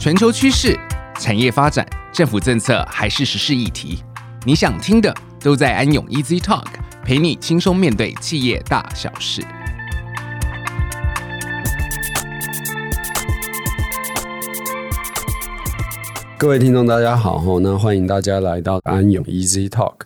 全球趨勢、產業發展、政府政策還是時事議題，你想聽的都在安永 EasY Talk，陪你輕鬆面對企業大小事。各位聽眾，大家好，那歡迎大家來到安永 EasY Talk，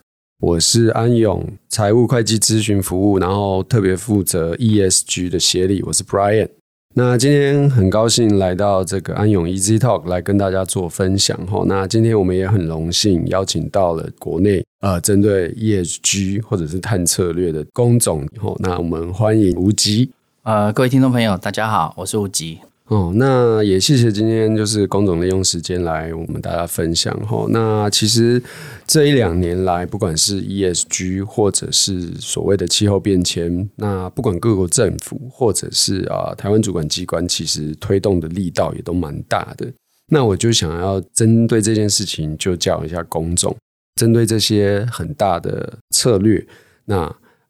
我是安永財務會計諮詢服務，然後特別負責 ESG 的協理，我是 Brian。那今天很高興來到這個安永 Easy Talk 來跟大家做分享哈。那今天我們也很榮幸邀請到了國內呃針對 E S G 或者是碳策略的工總。那我們歡迎吳伋。呃各位聽眾朋友大家好，我是吳伋。哦，那也謝謝今天就是工總利用時間來我們大家分享哈，哦。那其實這一兩年來，不管是 ESG 或者是所謂的氣候變遷，那不管各國政府或者是啊台灣主管機關，其實推動的力道也都蠻大的。那我就想要針對這件事情，就叫一下工總，針對這些很大的策略，那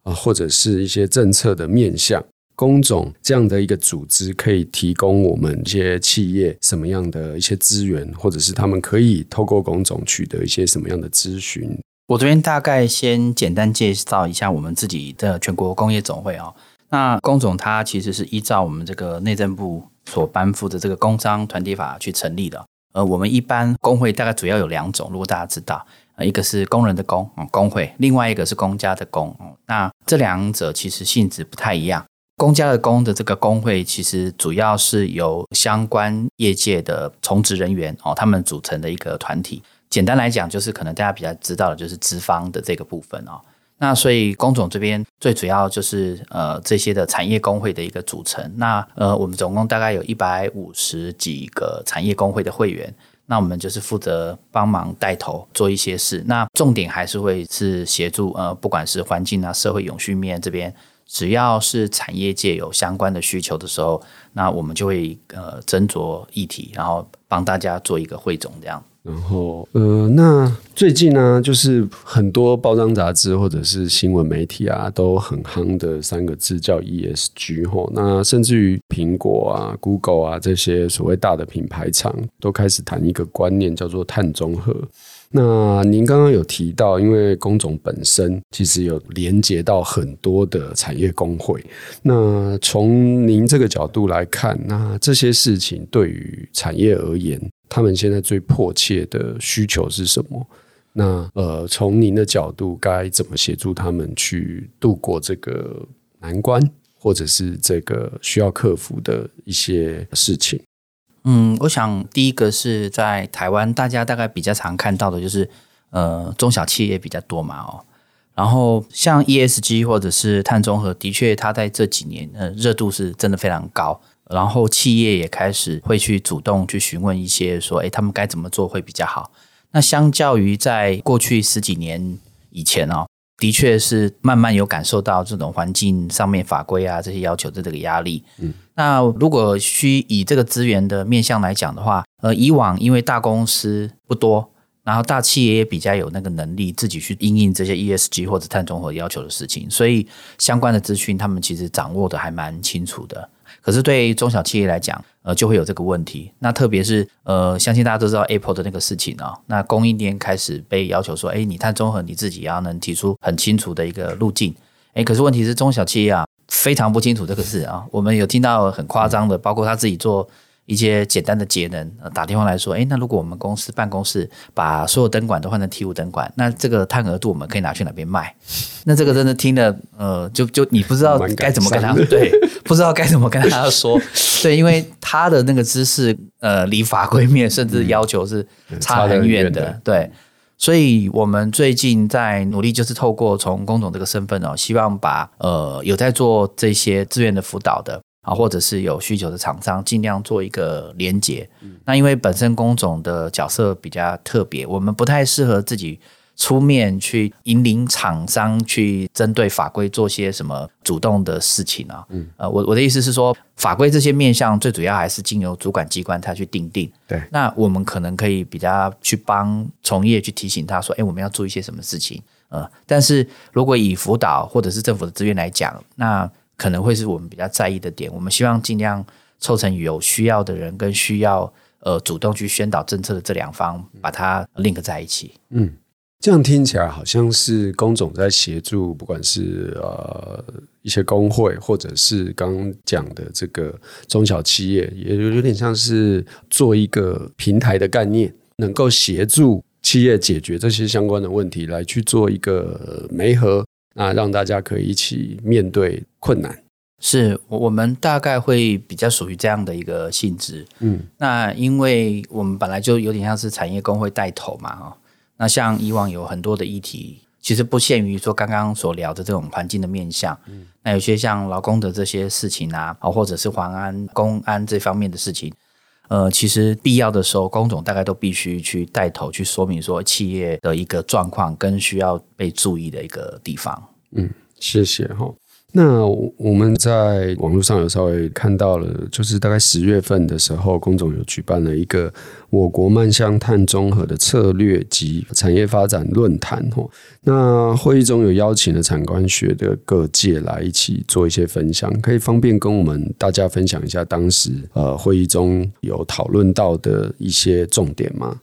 啊或者是一些政策的面向。工總這樣的一個組織可以提供我們一些企業什麼樣的一些資源，或者是他們可以透過工總取得一些什麼樣的諮詢。我這邊大概先簡單介紹一下我們自己的全國工業總會哦，那工總它其實是依照我們這個內政部所頒布的這個工商團體法去成立的。呃，我們一般工會大概主要有兩種，如果大家知道，一個是工人的工，工會；另外一個是公家的公。那這兩者其實性質不太一樣。公家的公的這個工會，其實主要是由相關業界的從職人員哦，他們組成的一個團體。簡單來講，就是可能大家比較知道的就是資方的這個部分哦。那所以工總這邊最主要就是呃這些的產業工會的一個組成。那呃我們總共大概有一百五十幾個產業工會的會員。那我們就是負責幫忙帶頭做一些事。那重點還是會是協助呃不管是環境啊、社會永續面這邊。只要是產業界有相關的需求的時候，那我們就會呃斟酌議題，然後幫大家做一個匯總這樣。然後呃，那最近呢、啊，就是很多報章雜誌或者是新聞媒體啊，都很夯的三個字叫 ESG 吼。那甚至於蘋果啊、Google 啊這些所謂大的品牌廠，都開始談一個觀念叫做碳中和。那您剛剛有提到，因為工總本身其實有連接到很多的產業工會。那從您這個角度來看，那這些事情對於產業而言，他們現在最迫切的需求是什麼？那呃，從您的角度，該怎麼協助他們去度過這個難關，或者是這個需要克服的一些事情？嗯，我想第一個是在台灣，大家大概比較常看到的就是，呃，中小企業比較多嘛哦。然後像 ESG 或者是碳中和，的確，它在這幾年，呃，熱度是真的非常高。然後企業也開始會去主動去詢問一些說，哎，他們該怎麼做會比較好。那相較於在過去十幾年以前哦。的確是慢慢有感受到這種環境上面法規啊，這些要求的這個壓力。嗯，那如果需以這個資源的面向來講的話，呃，以往因為大公司不多，然後大企業也比較有那個能力自己去因應這些 ESG 或者碳中和要求的事情，所以相關的資訊他們其實掌握的還蠻清楚的。可是對中小企業來講，呃，就會有這個問題。那特別是呃，相信大家都知道 Apple 的那個事情啊、哦。那供應鏈開始被要求說：“哎、欸，你碳中和你自己要、啊、能提出很清楚的一個路徑。欸”哎，可是問題是中小企業啊，非常不清楚這個事啊。我們有聽到很誇張的，包括他自己做。一些簡單的節能、呃，打電話來說，誒、欸，那如果我們公司辦公室把所有燈管都換成 T5 燈管，那這個碳額度我們可以拿去哪邊賣？那這個真的聽了，呃，就就你不知道該怎麼跟他對，對，不知道該怎麼跟他要說， 對，因為他的那個知識，呃，離法規面甚至要求是差很遠的，嗯嗯，差很遠的，對，對。所以我們最近在努力，就是透過從工總這個身份哦，希望把呃有在做這些志願的輔導的。啊，或者是有需求的廠商，盡量做一個連接、嗯。那因為本身工總的角色比較特別，我們不太適合自己出面去引領廠商去針對法規做些什麼主動的事情啊。嗯，我、呃、我的意思是說，法規這些面向最主要還是經由主管機關他去訂定。對，那我們可能可以比較去幫從業去提醒他說，哎，我們要做一些什麼事情。呃，但是如果以輔導或者是政府的資源來講，那可能會是我們比較在意的點。我們希望盡量湊成有需要的人跟需要呃主動去宣導政策的這兩方，把它 link 在一起。嗯，這樣聽起來好像是工總在協助，不管是呃一些工會，或者是剛剛講的這個中小企業，也有有點像是做一個平台的概念，能夠協助企業解決這些相關的問題，來去做一個，呃，媒合。那讓大家可以一起面對困難，是我們大概會比較屬於這樣的一個性質。嗯，那因為我們本來就有點像是產業工會帶頭嘛，哈。那像以往有很多的議題，其實不限於說剛剛所聊的這種環境的面向。嗯，那有些像勞工的這些事情啊，啊，或者是環安、公安這方面的事情。呃，其實必要的時候，工總大概都必須去帶頭去說明說企業的一個狀況跟需要被注意的一個地方。嗯，謝謝哈。那我們在網絡上有稍微看到了，就是大概十月份的時候，工總有舉辦了一個我國邁向碳中和的策略及產業發展論壇哦。那會議中有邀請了產官學的各界來一起做一些分享，可以方便跟我們大家分享一下當時呃會議中有討論到的一些重點嗎？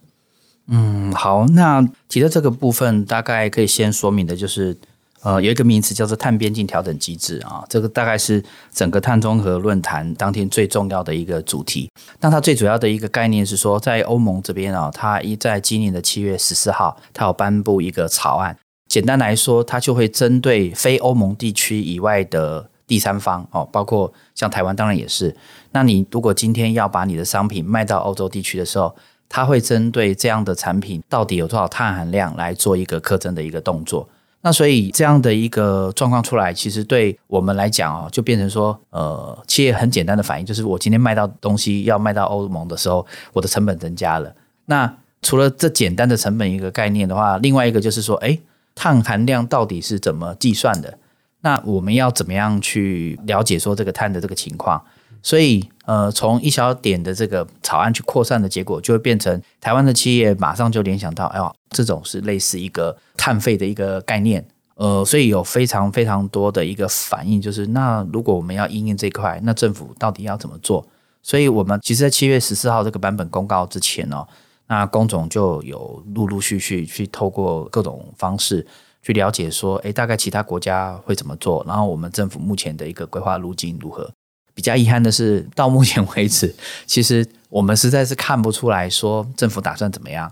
嗯，好，那提到這個部分，大概可以先說明的就是。呃，有一個名詞叫做碳邊境調整機制啊、哦，這個大概是整個碳中和論壇當天最重要的一個主題。那它最主要的一個概念是說，在歐盟這邊啊、哦，它一在今年的七月十四號，它有頒布一個草案。簡單來說，它就會針對非歐盟地區以外的第三方哦，包括像台灣，當然也是。那你如果今天要把你的商品賣到歐洲地區的時候，它會針對這樣的產品到底有多少碳含量來做一個課徵的一個動作。那所以這樣的一個狀況出來，其實對我們來講哦，就變成說，呃，企業很簡單的反應就是，我今天賣到東西要賣到歐盟的時候，我的成本增加了。那除了這簡單的成本一個概念的話，另外一個就是說，誒，碳含量到底是怎麼計算的？那我們要怎麼樣去了解說這個碳的這個情況？所以，呃，從一小,小點的這個草案去擴散的結果，就會變成台灣的企業馬上就聯想到，哎喲，這種是類似一個碳費的一個概念，呃，所以有非常非常多的一個反應，就是那如果我們要因應這一塊，那政府到底要怎麼做？所以我們其實在七月十四號這個版本公告之前呢、哦，那工總就有陸陸續續去,去透過各種方式去了解說，哎，大概其他國家會怎麼做，然後我們政府目前的一個規劃路徑如何？比較遺憾的是，到目前為止，其實我們實在是看不出來說政府打算怎麼樣，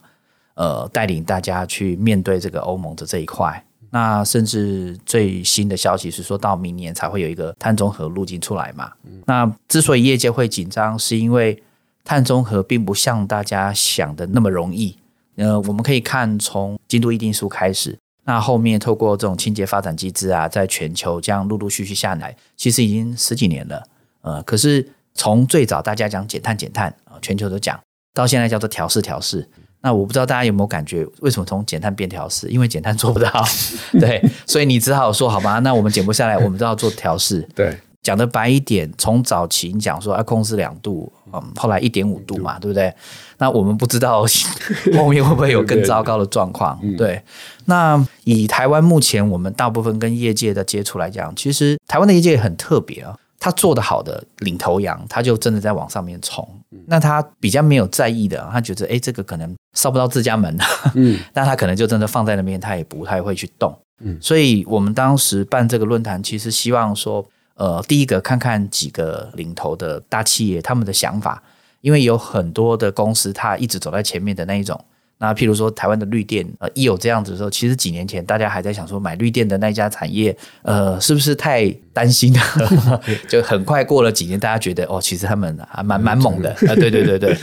呃，帶領大家去面對這個歐盟的這一塊。那甚至最新的消息是，說到明年才會有一個碳中和路徑出來嘛？那之所以業界會緊張，是因為碳中和並不像大家想的那麼容易。呃，我們可以看從京都議定書開始，那後面透過這種清潔發展機制啊，在全球這樣陸陸續續下來，其實已經十幾年了。呃，可是從最早大家講減碳減碳啊、呃，全球都講，到現在叫做調試調試。那我不知道大家有沒有感覺，為什麼從減碳變調試？因為減碳做不到， 對，所以你只好說好吧，那我們減不下來， 我們就要做調試。對，講得白一點，從早期你講說要控制兩度，嗯，後來一點五度嘛，對不對？那我們不知道 後面會不會有更糟糕的狀況？對，那以台灣目前我們大部分跟業界的接觸來講，其實台灣的業界很特別啊、哦。他做得好的領頭羊，他就真的在往上面衝。那他比較沒有在意的，他覺得哎、欸，這個可能燒不到自家門了。那、嗯、他可能就真的放在那邊，他也不太會去動。嗯，所以我們當時辦這個論壇，其實希望說，呃，第一個看看幾個領頭的大企業他們的想法，因為有很多的公司，他一直走在前面的那一種。那譬如說台灣的綠電，呃，一有這樣子的時候，其實幾年前大家還在想說，買綠電的那家產業，呃，是不是太擔心了？ 就很快過了幾年，大家覺得哦，其實他們還蠻蠻猛的。 啊，對對對對，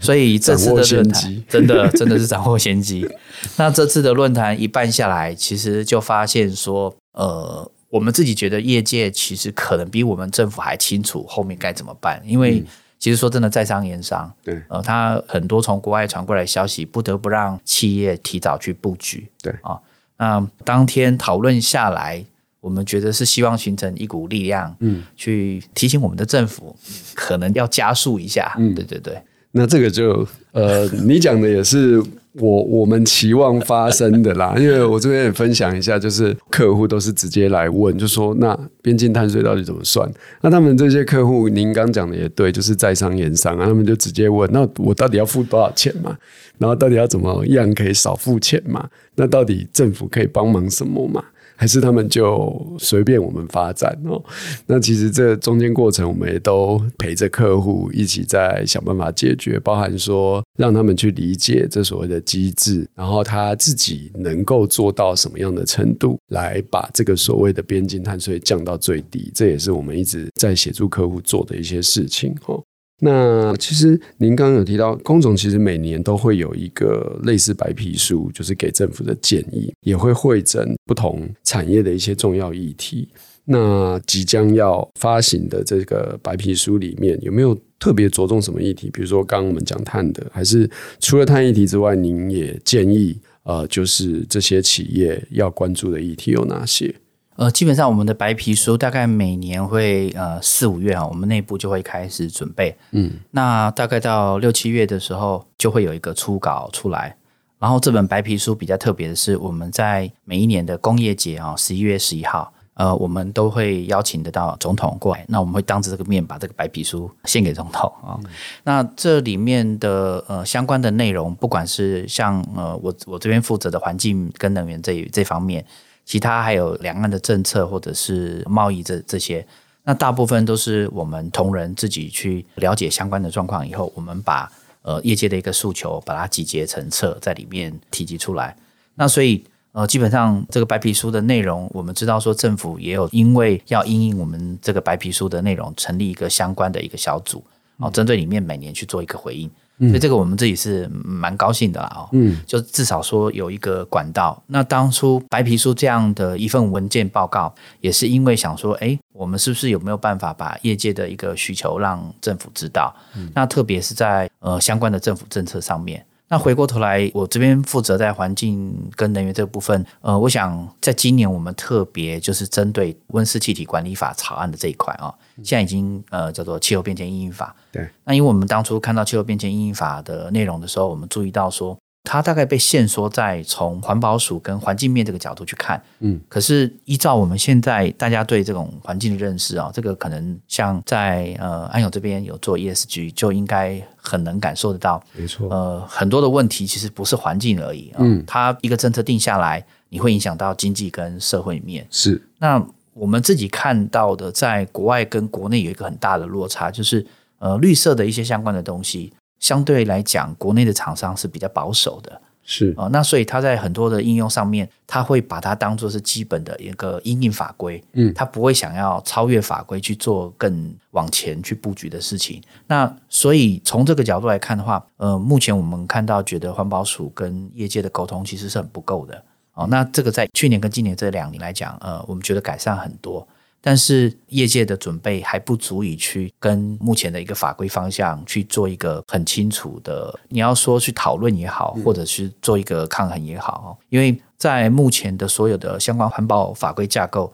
所以這次的論壇真的真的是掌握先機。 那這次的論壇一辦下來，其實就發現說，呃，我們自己覺得業界其實可能比我們政府還清楚後面該怎麼辦，因為、嗯。其實說真的，在商言商，對，呃，他很多從國外傳過來消息，不得不讓企業提早去布局。對啊，哦，那當天討論下來，我們覺得是希望形成一股力量，嗯，去提醒我們的政府，可能要加速一下。嗯，對對對。那這個就，呃，你講的也是。 我我們期望發生的啦，因為我這邊也分享一下，就是客戶都是直接來問，就說那邊境碳稅到底怎麼算？那他們這些客戶，您剛講的也對，就是在商言商啊，他們就直接問，那我到底要付多少錢嘛？然後到底要怎麼樣可以少付錢嘛？那到底政府可以幫忙什麼嘛？還是他們就隨便我們發展哦。那其實這中間過程，我們也都陪着客戶一起在想辦法解決，包含說讓他們去理解這所謂的機制，然後他自己能夠做到什麼樣的程度，來把這個所謂的邊境碳稅降到最低。這也是我們一直在協助客戶做的一些事情哦。那其實您剛剛有提到，工總其實每年都會有一個類似白皮書，就是給政府的建議，也會彙整不同產業的一些重要議題。那即將要發行的這個白皮書裡面，有沒有特別着重什麼議題？比如說剛剛我們講碳的，還是除了碳議題之外，您也建議呃，就是這些企業要關注的議題有哪些？呃，基本上我們的白皮書大概每年會呃四五月啊、哦，我們內部就會開始準備。嗯，那大概到六七月的時候，就會有一個初稿出來。然後這本白皮書比較特別的是，我們在每一年的工業節啊，十一月十一號，呃，我們都會邀請得到總統過來，那我們會當着這個面把這個白皮書獻給總統啊、哦嗯。那這裡面的呃相關的內容，不管是像呃我我這邊負責的環境跟能源這這方面。其他還有兩岸的政策或者是貿易這這些，那大部分都是我們同仁自己去了解相關的狀況以後，我們把呃業界的一個訴求把它集結成冊在裡面提及出來。那所以呃基本上這個白皮書的內容，我們知道說政府也有因為要因應我們這個白皮書的內容，成立一個相關的一個小組。哦，針對裡面每年去做一個回應，嗯，所以這個我們自己是蠻高興的啦。哦，嗯，就至少說有一個管道。那當初白皮書這樣的一份文件報告，也是因為想說，哎，欸，我們是不是有沒有辦法把業界的一個需求讓政府知道？嗯，那特別是在，呃，相關的政府政策上面。那回過頭來，我這邊負責在環境跟能源這個部分，呃，我想在今年我們特別就是針對溫室氣體管理法草案的這一塊啊，現在已經呃叫做氣候變遷因應法。對，那因為我們當初看到氣候變遷因應法的內容的時候，我們注意到說。它大概被限縮在從環保署跟環境面這個角度去看，嗯，可是依照我們現在大家對這種環境的認識啊、哦，這個可能像在呃安永這邊有做 ESG，就應該很能感受得到，沒錯，呃，很多的問題其實不是環境而已啊、哦，嗯，它一個政策定下來，你會影響到經濟跟社會面，是。那我們自己看到的，在國外跟國內有一個很大的落差，就是呃，綠色的一些相關的東西。相對來講，國內的廠商是比較保守的，是啊、哦，那所以它在很多的應用上面，它會把它當做是基本的一個因應法規，嗯，它不會想要超越法規去做更往前去布局的事情。那所以從這個角度來看的話，呃，目前我們看到覺得環保署跟業界的溝通其實是很不夠的哦，那這個在去年跟今年這兩年來講，呃，我們覺得改善很多。但是業界的準備還不足以去跟目前的一個法規方向去做一個很清楚的，你要說去討論也好，或者是做一個抗衡也好，因為在目前的所有的相關環保法規架構。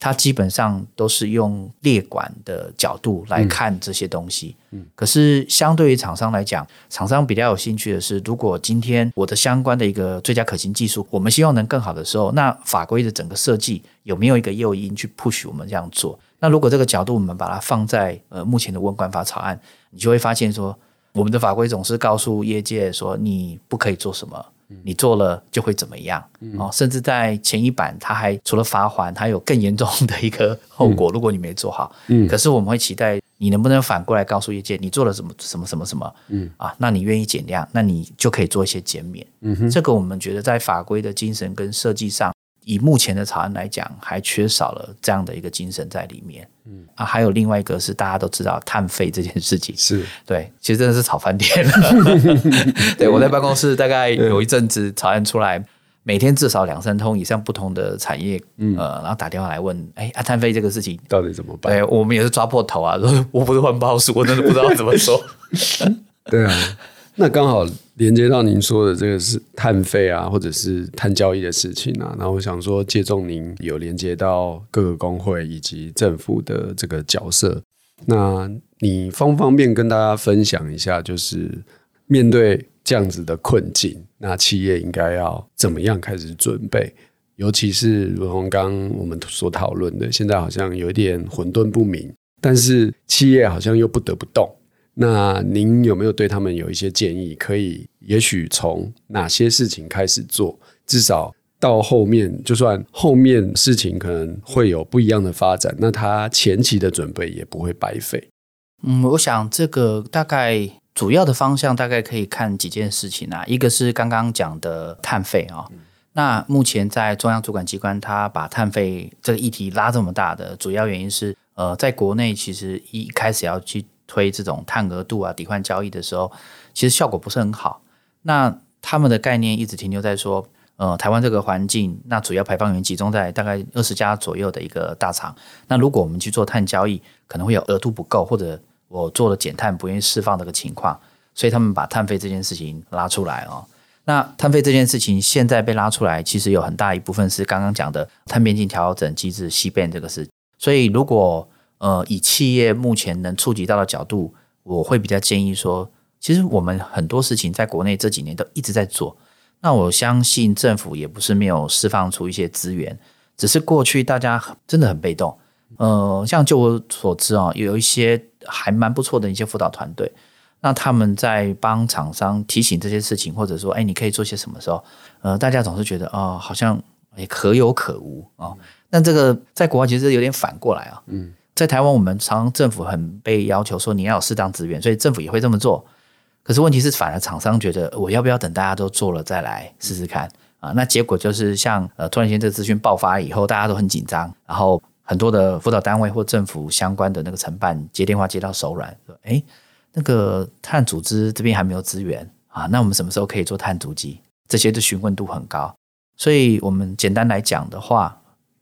它基本上都是用列管的角度來看這些東西。嗯嗯，可是相對於廠商來講，廠商比較有興趣的是，如果今天我的相關的一個最佳可行技術，我們希望能更好的時候，那法規的整個設計有沒有一個誘因去 push 我們這樣做？那如果這個角度，我們把它放在呃目前的溫管法草案，你就會發現說，我們的法規總是告訴業界說你不可以做什麼。你做了就會怎麼樣？哦、嗯，甚至在前一版，它還除了罰鍰，它還有更嚴重的一個後果、嗯。如果你沒做好，嗯，可是我們會期待你能不能反過來告訴業界，你做了什麼什麼什麼什麼，嗯啊，那你願意減量，那你就可以做一些減免。嗯哼，這個我們覺得在法規的精神跟設計上。以目前的草案來講，還缺少了這樣的一個精神在裡面。嗯啊，還有另外一個是大家都知道碳費這件事情，是對，其實真的是炒翻天了。 對，我在辦公室大概有一陣子草案出來，每天至少兩三通以上不同的產業，嗯、呃，然後打電話來問，哎、啊，碳費這個事情到底怎麼辦？對，我們也是抓破頭啊！說我不是環保署，我真的不知道怎麼說。 對啊，那剛好。連接到您說的這個是碳費啊，或者是碳交易的事情啊，然後我想說借重您有連接到各個工會以及政府的這個角色，那你方不方便跟大家分享一下，就是面對這樣子的困境，那企業應該要怎麼樣開始準備？尤其是如同剛剛我們所討論的，現在好像有點混沌不明，但是企業好像又不得不動。那您有沒有對他們有一些建議？可以，也許從哪些事情開始做？至少到後面，就算後面事情可能會有不一樣的發展，那他前期的準備也不會白費。嗯，我想這個大概主要的方向，大概可以看幾件事情啊。一個是剛剛講的碳費啊、哦嗯。那目前在中央主管機關，他把碳費這個議題拉這麼大的，主要原因是，呃，在國內其實一開始要去。推這種碳額度啊、抵換交易的時候，其實效果不是很好。那他們的概念一直停留在說，呃，台灣這個環境，那主要排放源集中在大概二十家左右的一個大廠。那如果我們去做碳交易，可能會有額度不夠，或者我做了減碳不願意釋放這個情況。所以他們把碳費這件事情拉出來哦，那碳費這件事情現在被拉出來，其實有很大一部分是剛剛講的碳邊境調整機制西變這個事。所以如果呃，以企業目前能觸及到的角度，我會比較建議說，其實我們很多事情在國內這幾年都一直在做。那我相信政府也不是沒有釋放出一些資源，只是過去大家真的很被動。呃，像就我所知啊、哦，有一些還蠻不錯的一些輔導團隊，那他們在幫廠商提醒這些事情，或者說，哎，你可以做些什麼時候？呃，大家總是覺得哦，好像哎，可有可無啊。那、哦嗯、這個在國外其實有點反過來啊，嗯。在台灣，我們常常政府很被要求說，你要有適當資源，所以政府也會這麼做。可是問題是，反而廠商覺得我要不要等大家都做了再來試試看？嗯、啊？那結果就是像，像呃突然間這個資訊爆發以後，大家都很緊張，然後很多的輔導單位或政府相關的那個承辦接電話接到手軟，說哎、欸，那個碳組織這邊還沒有資源啊，那我們什麼時候可以做碳足跡？這些的詢問度很高，所以我們簡單來講的話，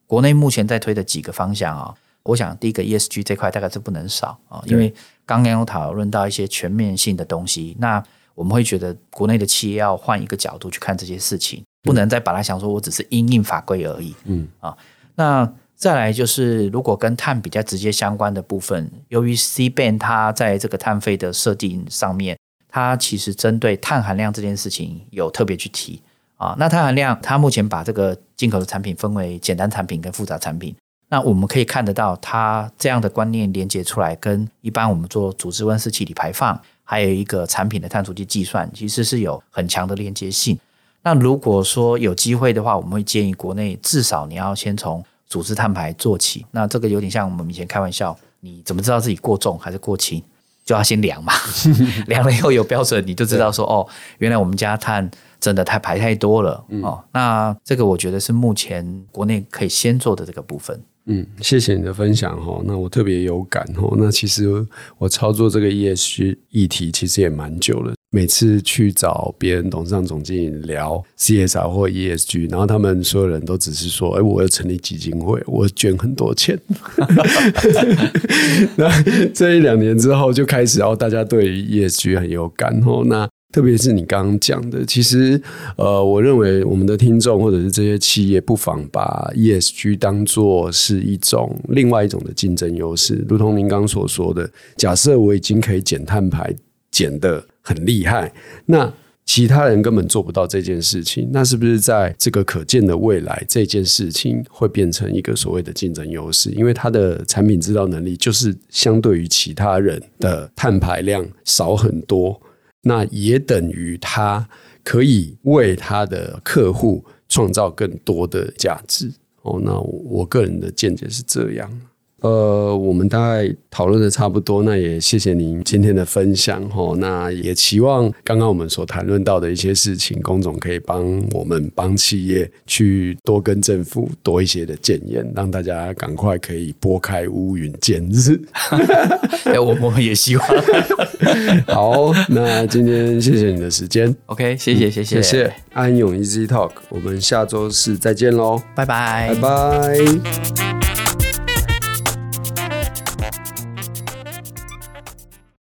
國內目前在推的幾個方向啊、哦。我想，第一個 ESG 這塊大概是不能少啊、哦，因為剛剛有討論到一些全面性的東西，那我們會覺得國內的企業要換一個角度去看這些事情，不能再把它想說我只是因應法規而已，嗯啊、哦。那再來就是，如果跟碳比較直接相關的部分，由於 C ban 它在這個碳費的設定上面，它其實針對碳含量這件事情有特別去提啊、哦。那碳含量，它目前把這個進口的產品分為簡單產品跟複雜產品。那我們可以看得到，它這樣的觀念連接出來，跟一般我們做組織溫室氣體排放，還有一個產品的碳足跡計算，其實是有很強的連接性。那如果說有機會的話，我們會建議國內至少你要先從組織碳排做起。那這個有點像我們以前開玩笑，你怎麼知道自己過重還是過輕，就要先量嘛， 量了以後有標準，你就知道說哦，原來我們家碳真的太排太多了，嗯、哦。那這個我覺得是目前國內可以先做的這個部分。嗯，謝謝你的分享哈。那我特別有感哈。那其實我操作這個 E S G 議題其實也蠻久了。每次去找別人董事長、總經理聊 CSR 或 E S G，然後他們所有人都只是說：“哎、欸，我要成立基金會，我要捐很多錢。 ” 那這一兩年之後，就開始哦，然後大家對 E S G 很有感哈。那特別是你剛剛講的，其實呃，我認為我們的聽眾或者是這些企業，不妨把 ESG 當作是一種另外一種的競爭優勢。如同您剛剛所說的，假設我已經可以減碳排減得很厲害，那其他人根本做不到這件事情，那是不是在這個可見的未來，這件事情會變成一個所謂的競爭優勢？因為它的產品制造能力就是相對於其他人的碳排量少很多。那也等於他可以為他的客戶創造更多的價值哦。Oh, 那我個人的見解是這樣。呃，我們大概討論的差不多，那也謝謝您今天的分享、哦、那也期望剛剛我們所談論到的一些事情，工總可以幫我們幫企業去多跟政府多一些的建言，讓大家趕快可以撥開烏雲見日。哎、 欸，我也希望。 好，那今天謝謝你的時間。OK，謝謝、嗯、謝謝謝謝安永 Easy Talk，我們下周四再見嘍，拜拜拜拜。Bye bye